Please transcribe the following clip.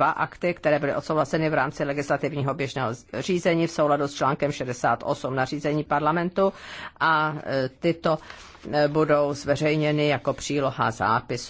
dva akty, které byly odsouhlaseny v rámci legislativního běžného řízení v souladu s článkem 68 na řízení parlamentu a e, tyto e, budou zveřejněny jako příloha zápisu.